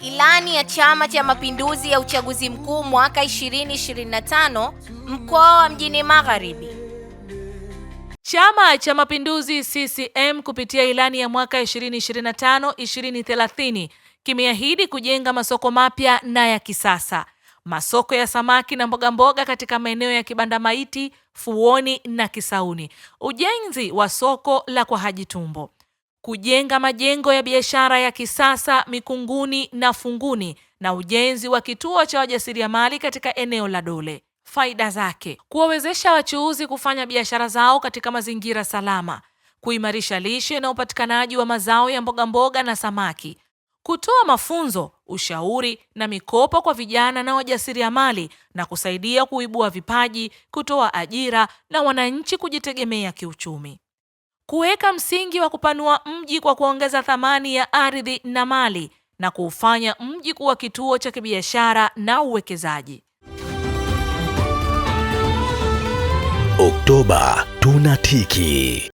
Ilani ya Chama cha Mapinduzi ya uchaguzi mkuu mwaka 2025 mkoa wa Mjini Magharibi. Chama cha Mapinduzi CCM kupitia ilani ya mwaka 2025 2030 kimeahidi kujenga masoko mapya na ya kisasa, masoko ya samaki na mbogamboga katika maeneo ya Kibanda Maiti, Fuoni na Kisauni, ujenzi wa soko la Kwa Haji Tumbo kujenga majengo ya biashara ya kisasa Mikunguni na Funguni na ujenzi wa kituo cha wajasiriamali katika eneo la Dole. Faida zake: kuwawezesha wachuuzi kufanya biashara zao katika mazingira salama, kuimarisha lishe na upatikanaji wa mazao ya mboga mboga na samaki, kutoa mafunzo, ushauri na mikopo kwa vijana na wajasiriamali, na kusaidia kuibua vipaji, kutoa ajira na wananchi kujitegemea kiuchumi kuweka msingi wa kupanua mji kwa kuongeza thamani ya ardhi na mali na kuufanya mji kuwa kituo cha kibiashara na uwekezaji. Oktoba tunatiki.